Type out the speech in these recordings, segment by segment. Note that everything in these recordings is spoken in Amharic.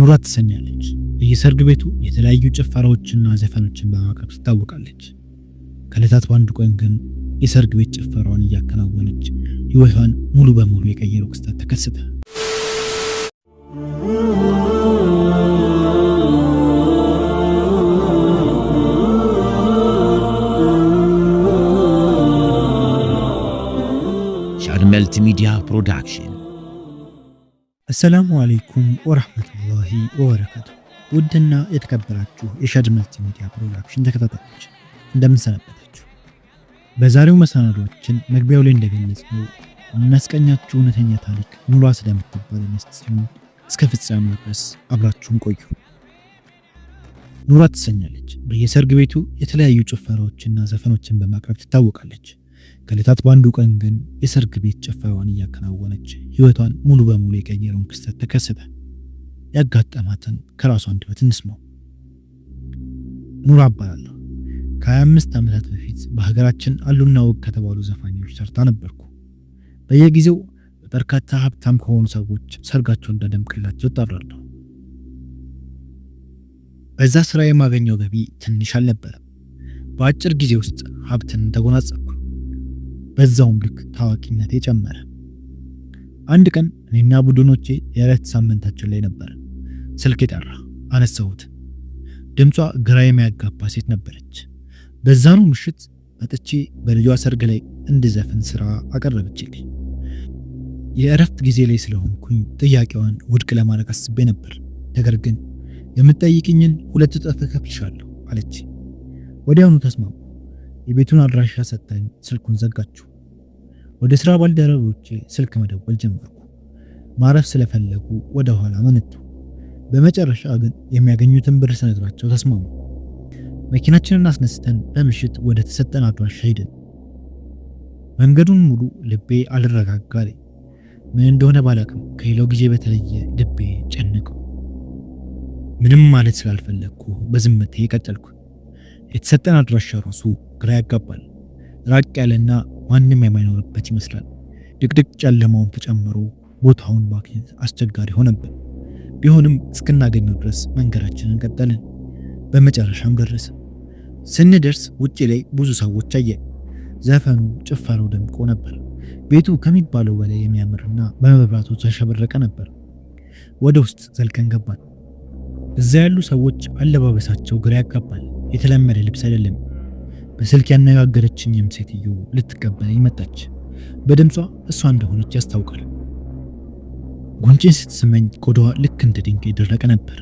ኑራ ትሰኛለች። በየሰርግ ቤቱ የተለያዩ ጭፈራዎችና ዘፈኖችን በማቅረብ ትታወቃለች። ከለታት በአንድ ቀን ግን የሰርግ ቤት ጭፈራውን እያከናወነች ህይወቷን ሙሉ በሙሉ የቀየረው ክስተት ተከሰተ። ሻድ ሚዲያ ፕሮዳክሽን አሰላሙ አለይኩም ወራህመቱላሂ ወበረካቱ። ውድና የተከበራችሁ የሻድ መልቲ ሚዲያ ፕሮዳክሽን ተከታታዮች እንደምንሰነበታችሁ። በዛሬው መሰናዶችን መግቢያው ላይ እንደገለጽነው እናስቀኛችሁ እውነተኛ ታሪክ ኑሯ ስለምትባል ሚስት ሲሆን እስከ ፍጻሜው ድረስ አብራችሁን ቆዩ። ኑሯ ትሰኛለች። በየሰርግ ቤቱ የተለያዩ ጭፈራዎችና ዘፈኖችን በማቅረብ ትታወቃለች። ከሌታት በአንዱ ቀን ግን የሰርግ ቤት ጭፈራዋን እያከናወነች ህይወቷን ሙሉ በሙሉ የቀየረውን ክስተት ተከሰተ። ያጋጠማትን ከራሷ አንደበት እንስማው። ኑር አባላለሁ ከ ከ25 ዓመታት በፊት በሀገራችን አሉና ወግ ከተባሉ ዘፋኞች ሰርታ ነበርኩ። በየጊዜው በርካታ ሀብታም ከሆኑ ሰዎች ሰርጋቸውን እንዳደምቅላቸው ጠራለሁ። በዛ ስራ የማገኘው ገቢ ትንሽ አልነበረም። በአጭር ጊዜ ውስጥ ሀብትን ተጎናጸፍኩ። በዛውም ልክ ታዋቂነቴ ጨመረ። አንድ ቀን እኔና ቡድኖቼ የዕለት ሳምንታችን ላይ ነበር። ስልክ ጠራ። አነሳሁት። ድምጿ ግራ የሚያጋባ ሴት ነበረች። በዛኑ ምሽት መጥቼ በልጇ ሰርግ ላይ እንድዘፍን ስራ አቀረበችልኝ። የእረፍት ጊዜ ላይ ስለሆንኩኝ ጥያቄዋን ውድቅ ለማድረግ አስቤ ነበር። ነገር ግን የምትጠይቅኝን ሁለት እጥፍ እከፍልሻለሁ አለች። ወዲያውኑ ተስማሙ። የቤቱን አድራሻ ሰጠኝ፣ ስልኩን ዘጋችሁ። ወደ ስራ ባልደረቦቼ ስልክ መደወል ጀመርኩ። ማረፍ ስለፈለጉ ወደ ኋላ መነቱ። በመጨረሻ ግን የሚያገኙትን ብር ስነግራቸው ተስማሙ። መኪናችንን አስነስተን በምሽት ወደ ተሰጠን አድራሻ ሄድን። መንገዱን ሙሉ ልቤ አልረጋጋ አለኝ። ምን እንደሆነ ባላቅም ከሌላው ጊዜ በተለየ ልቤ ጨነቀው። ምንም ማለት ስላልፈለግኩ በዝምቴ ቀጠልኩት። የተሰጠን አድራሻ ራሱ ግራ ያጋባል። ራቅ ያለና ማንም የማይኖርበት ይመስላል። ድቅድቅ ጨለማውን ተጨምሮ ቦታውን ማግኘት አስቸጋሪ ሆነብን። ቢሆንም እስክናገኘው ድረስ መንገዳችንን ቀጠልን። በመጨረሻም ደረሰ። ስንደርስ ውጪ ላይ ብዙ ሰዎች አየ። ዘፈኑ፣ ጭፈራው ደምቆ ነበር። ቤቱ ከሚባለው በላይ የሚያምርና በመብራቱ ተሸበረቀ ነበር። ወደ ውስጥ ዘልቀን ገባን። እዛ ያሉ ሰዎች አለባበሳቸው ግራ ያጋባል። የተለመደ ልብስ አይደለም። በስልክ ያነጋገረችኝም ሴትዮ ልትቀበለኝ መጣች። በድምጿ እሷ እንደሆነች ያስታውቃል። ጉንጭን ስትስመኝ ቆዳዋ ልክ እንደ ድንጋይ የደረቀ ነበር።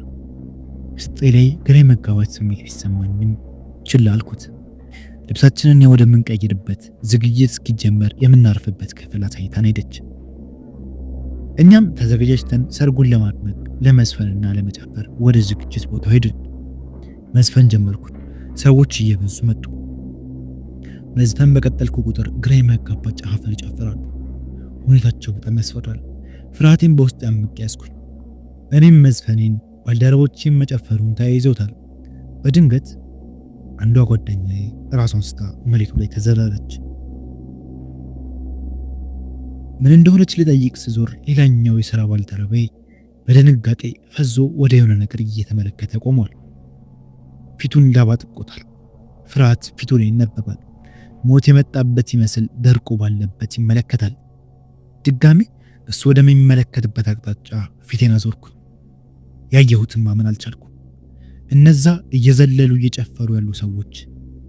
ስጤ ላይ ግራ መጋባት ስሜት ቢሰማኝም ችላ አልኩት። ልብሳችንን ወደምንቀይርበት ዝግጅት እስኪጀመር የምናርፍበት ክፍል አሳይታን ሄደች። እኛም ተዘጋጃጅተን ሰርጉን ለማድመቅ ለመዝፈንና ለመጨፈር ወደ ዝግጅት ቦታው ሄድን። መዝፈን ጀመርኩት። ሰዎች እየበዙ መጡ። መዝፈን በቀጠልኩ ቁጥር ግራ የማያጋባ ጨሐፍን ይጨፍራሉ። ሁኔታቸው በጣም ያስፈራል። ፍርሃቴን በውስጥ ያምቅ ያዝኩኝ። እኔም መዝፈኔን ባልደረቦቼም መጨፈሩን ተያይዘውታል። በድንገት አንዷ ጓደኛ ራሷን ስታ መሬቱ ላይ ተዘረረች። ምን እንደሆነች ልጠይቅ ስዞር ሌላኛው የሥራ ባልደረባዬ በድንጋጤ ፈዞ ወደ የሆነ ነገር እየተመለከተ ቆሟል። ፊቱን ላባ ፍርሃት ፊቱ ላይ ይነበባል። ሞት የመጣበት ይመስል ደርቆ ባለበት ይመለከታል። ድጋሚ እሱ ወደሚመለከትበት አቅጣጫ ፊቴን አዞርኩ ያየሁትን ማመን አልቻልኩ። እነዛ እየዘለሉ እየጨፈሩ ያሉ ሰዎች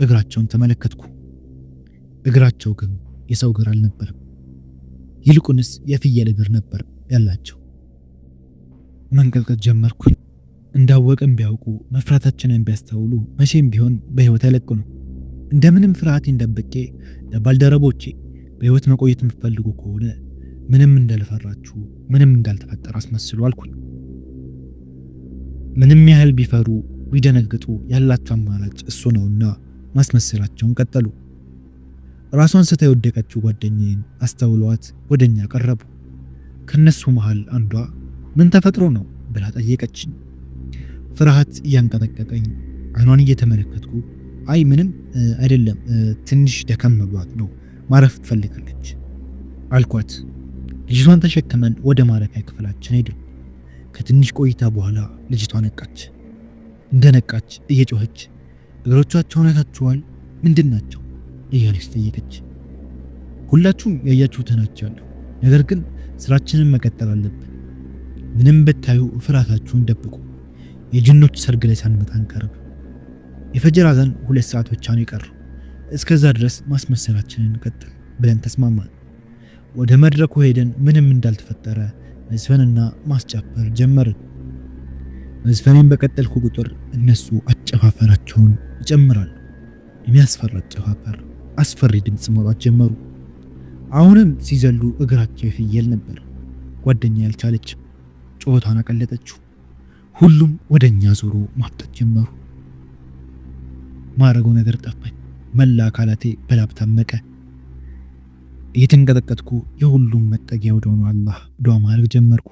እግራቸውን ተመለከትኩ። እግራቸው ግን የሰው እግር አልነበረም። ይልቁንስ የፍየል እግር ነበር ያላቸው። መንቀጥቀጥ ጀመርኩኝ። እንዳወቅን ቢያውቁ መፍራታችንን ቢያስተውሉ መቼም ቢሆን በህይወት በሕይወት ነው። እንደምንም ፍርሃቴን ደብቄ ለባልደረቦቼ በህይወት መቆየት የምትፈልጉ ከሆነ ምንም እንዳልፈራችሁ ምንም እንዳልተፈጠረ አስመስሉ አልኩኝ። ምንም ያህል ቢፈሩ ቢደነግጡ ያላቸው አማራጭ እሱ ነውና ማስመሰላቸውን ቀጠሉ። ራሷን ስታ የወደቀችው ጓደኛዬን አስተውሏት ወደኛ ቀረቡ። ከነሱ መሃል አንዷ ምን ተፈጥሮ ነው ብላ ጠየቀችኝ። ፍርሃት እያንቀጠቀጠኝ አይኗን እየተመለከትኩ አይ ምንም አይደለም ትንሽ ደከም መብሏት ነው ማረፍ ትፈልጋለች አልኳት። ልጅቷን ተሸክመን ወደ ማረፊያ ክፍላችን ሄድን። ከትንሽ ቆይታ በኋላ ልጅቷ ነቃች። እንደነቃች እየጮኸች እግሮቻቸው አይታችኋል? ምንድን ናቸው እያለች ጠየቀች። ሁላችሁም ያያችሁት ያለሁ፣ ነገር ግን ስራችንን መቀጠል አለብን። ምንም ብታዩ ፍርሃታችሁን ደብቁ የጅኖች ሰርግ ላይ ሳንመጣ አንቀርም። የፈጀር አዛን ሁለት ሰዓት ብቻ ነው የቀረው። እስከዛ ድረስ ማስመሰላችንን ቀጥል ብለን ተስማማል ወደ መድረኩ ሄደን ምንም እንዳልተፈጠረ መዝፈንና ማስጨፈር ጀመርን። መዝፈኔን በቀጠልኩ ቁጥር እነሱ አጨፋፈራቸውን ይጨምራሉ። የሚያስፈራ አጨፋፈር፣ አስፈሪ ድምፅ መውጣት ጀመሩ። አሁንም ሲዘሉ እግራቸው የፍየል ነበር። ጓደኛ ያልቻለች ጨዋታዋን አቀለጠችው። ሁሉም ወደ እኛ ዞሮ ማፍጠት ጀመሩ። ማረገው ነገር ጠፋኝ። መላ አካላቴ በላብ ታመቀ። እየተንቀጠቀጥኩ የሁሉም መጠጊያ ወደሆነ አላህ ዱዓ ማድረግ ጀመርኩ።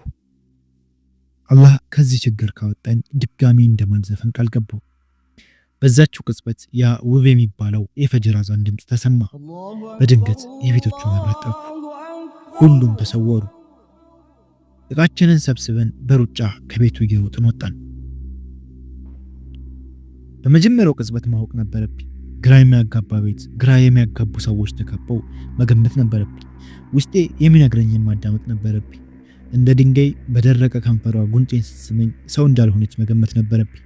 አላህ ከዚህ ችግር ካወጣን ድጋሚ እንደማልዘፈን ቃል ገባው። በዛችው ቅጽበት ያ ውብ የሚባለው የፈጅር አዛን ድምፅ ተሰማ። በድንገት የቤቶቹ መብራት ጠፉ። ሁሉም ተሰወሩ። እቃችንን ሰብስበን በሩጫ ከቤቱ እየሮጥን ወጣን። በመጀመሪያው ቅጽበት ማወቅ ነበረብኝ። ግራ የሚያጋባ ቤት፣ ግራ የሚያጋቡ ሰዎች ተከበው መገመት ነበረብኝ። ውስጤ የሚነግረኝን ማዳመጥ ነበረብኝ። እንደ ድንጋይ በደረቀ ከንፈሯ ጉንጬን ስትስመኝ ሰው እንዳልሆነች መገመት ነበረብኝ።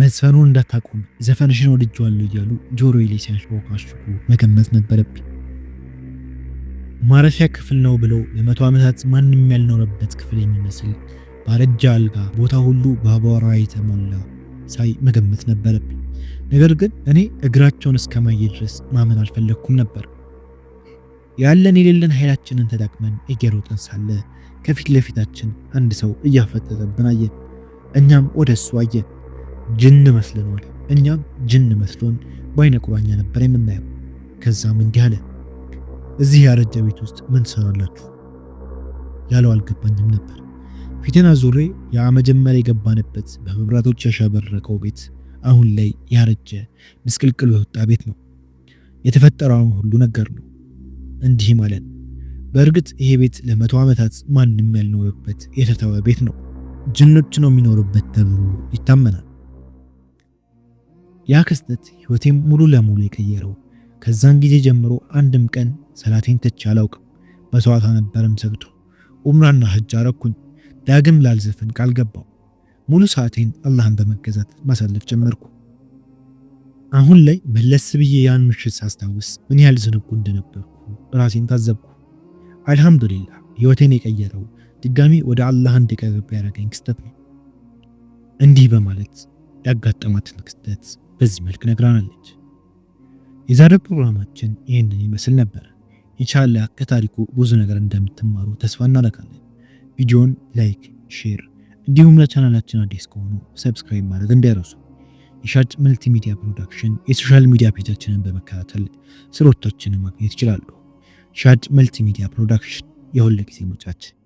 መዝፈኑን እንዳታቆም ዘፈንሽን ወድጀዋለሁ እያሉ ጆሮዬ ላይ ሲያንሾካሾኩ መገመት ነበረብኝ። ማረፊያ ክፍል ነው ብለው ለመቶ ዓመታት ማንም ያልኖረበት ክፍል የሚመስል ባረጃ አልጋ፣ ቦታ ሁሉ በአቧራ የተሞላ ሳይ መገመት ነበረብኝ። ነገር ግን እኔ እግራቸውን እስከ ማየት ድረስ ማመን አልፈለግኩም ነበር። ያለን የሌለን ኃይላችንን ተጠቅመን እየሮጥን ሳለ ከፊት ለፊታችን አንድ ሰው እያፈጠጠብን አየን። እኛም ወደ እሱ አየን። ጅን መስለነዋል። እኛም ጅን መስሎን በአይነ ቁራኛ ነበር የምናየው። ከዛም እንዲህ አለ እዚህ ያረጀ ቤት ውስጥ ምን ትሰራላችሁ? ያለው አልገባኝም ነበር። ፊቴን አዙሬ ያ መጀመሪያ የገባንበት በመብራቶች ያሸበረቀው ቤት አሁን ላይ ያረጀ ምስቅልቅል የወጣ ቤት ነው። የተፈጠረውን ሁሉ ነገር ነው። እንዲህ ማለት በእርግጥ ይሄ ቤት ለመቶ ዓመታት ማንም ያልኖረበት የተተወ ቤት ነው። ጅኖች ነው የሚኖሩበት ተብሎ ይታመናል። ያ ክስተት ሕይወቴም ሙሉ ለሙሉ የቀየረው ከዛን ጊዜ ጀምሮ አንድም ቀን ሰላቴን ትቼ አላውቅም። መስዋዕት አነበረም ሰግቶ ኡምራና ህጅ አረኩኝ። ዳግም ላልዘፍን ቃል ገባው። ሙሉ ሰዓቴን አላህን በመገዛት ማሳለፍ ጀመርኩ። አሁን ላይ መለስ ብዬ ያን ምሽት ሳስታውስ ምን ያህል ዝንጉ እንደነበርኩ ራሴን ታዘብኩ። አልሐምዱሊላህ ህይወቴን የቀየረው ድጋሚ ወደ አላህ እንድቀርብ ያደረገኝ ክስተት ነው። እንዲህ በማለት ያጋጠማትን ክስተት በዚህ መልክ ነግራናለች። የዛሬው ፕሮግራማችን ይህንን ይመስል ነበር። የቻለ ከታሪኩ ብዙ ነገር እንደምትማሩ ተስፋ እናደርጋለን። ቪዲዮን ላይክ፣ ሼር እንዲሁም ለቻናላችን አዲስ ከሆኑ ሰብስክራይብ ማድረግ እንዳይረሱ። የሻጭ መልቲሚዲያ ፕሮዳክሽን የሶሻል ሚዲያ ፔጃችንን በመከታተል ስሮቶችንን ማግኘት ይችላሉ። ሻጭ መልቲሚዲያ ፕሮዳክሽን የሁል ጊዜ ምርጫችን